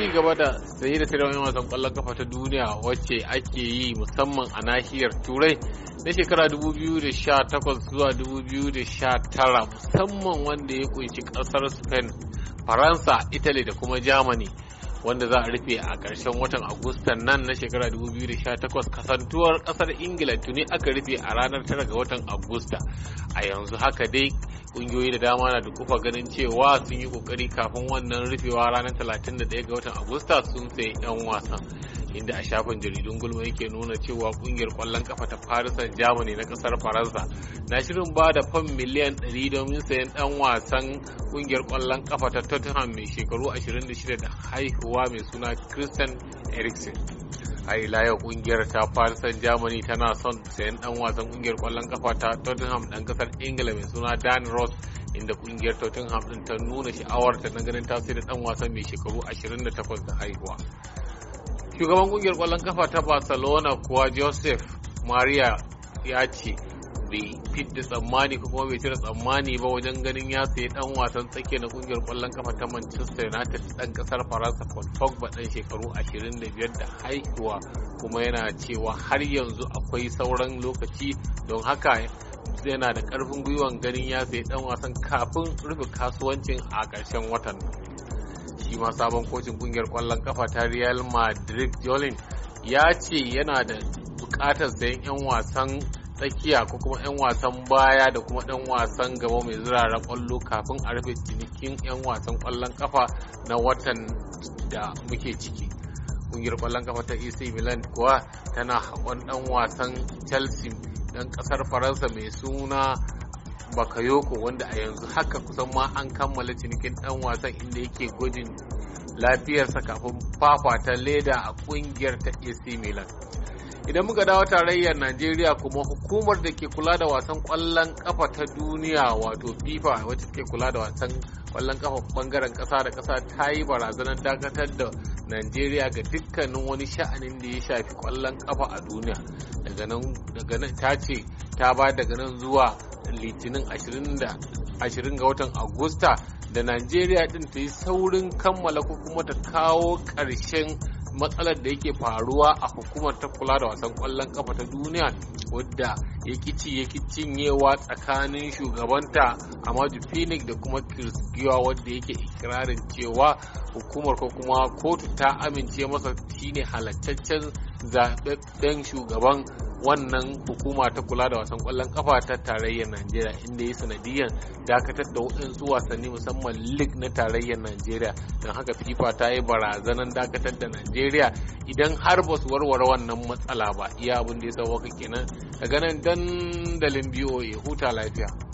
ci gaba da saye da sayarwa wasan kwallon kafa ta duniya wacce ake yi musamman a nahiyar turai na shekara 2018 zuwa 2019 musamman wanda ya kunshi kasar spain faransa italy da kuma germany wanda za a rufe a ƙarshen watan agustan nan na shekara 2018 kasantuwar ƙasar ingila tuni aka rufe a ranar 9 ga watan agusta a yanzu haka dai kungiyoyi da dama na da kufa ganin cewa sun yi kokari kafin wannan rufewa ranar 31 ga watan agusta sun sayi 'yan wasan inda a shafin jaridun gulma yake nuna cewa kungiyar kwallon kafa ta farisan germany na kasar faransa na shirin ba da fam miliyan 100 domin sayan dan wasan kungiyar kwallon kafa ta tottenham mai shekaru 26 da haihuwa mai suna christian eriksen ai ila kungiyar ta farisan germany tana son sayan dan wasan kungiyar kwallon kafa ta tottenham dan kasar ingila mai suna dan ross inda kungiyar tottenham din ta nuna sha'awarta na ganin tasirin dan wasan mai shekaru 28 da haihuwa shugaban kungiyar kwallon kafa ta barcelona kuwa joseph maria ya ce bai fidda tsammani ko kuma bai cire tsammani ba wajen ganin ya sayi dan wasan tsakiya na kungiyar kwallon kafa ta Manchester United dan kasar Faransa Paul Pogba dan shekaru 25 da haihuwa kuma yana cewa har yanzu akwai sauran lokaci don haka yana da karfin gwiwan ganin ya sayi dan wasan kafin rufe kasuwancin a ƙarshen watan shi ma sabon kocin kungiyar kwallon kafa ta Real Madrid Jolin ya ce yana da bukatar sayan 'yan wasan tsakiya ko kuma 'yan wasan baya da kuma ɗan wasan gaba mai zuraren ƙwallo kafin a rufe cinikin 'yan wasan ƙwallon kafa na watan da muke ciki ƙungiyar ƙwallon kafa ta AC Milan kuwa tana haƙon ɗan wasan Chelsea ɗan ƙasar Faransa mai suna Bakayoko wanda a yanzu haka kusan ma an kammala cinikin ɗan wasan inda yake gwajin lafiyarsa kafin fafata leda a ƙungiyar ta AC Milan. idan muka dawo tarayyar najeriya kuma hukumar da ke kula da wasan kwallon kafa ta duniya wato fifa wacce ke kula da wasan kwallon kafa bangaren kasa da kasa ta yi barazanar dakatar da najeriya ga dukkanin wani sha'anin da ya shafi kwallon kafa a duniya daga nan ta ce ta ba daga nan zuwa litinin 20 ga watan agusta da najeriya din ta yi saurin kammala ko kuma ta kawo ƙarshen matsalar da yake faruwa a hukumar ta kula da wasan kwallon kafa ta duniya wadda ya kici ya cinyewa tsakanin shugabanta Amadu Phoenix da kuma Chris Giwa wadda yake ikirarin cewa hukumar ko kuma kotu ta amince masa shine halattaccen zaɓaɓɓen shugaban wannan hukuma ta kula da wasan kwallon kafa ta tarayyar najeriya inda ya sanadiyan dakatar da waɗansu wasanni musamman lig na tarayyar najeriya don haka fifa ta yi barazanan dakatar da najeriya idan har ba su warware wannan matsala ba iya abin da ya sauwaka kenan daga nan dandalin boa huta lafiya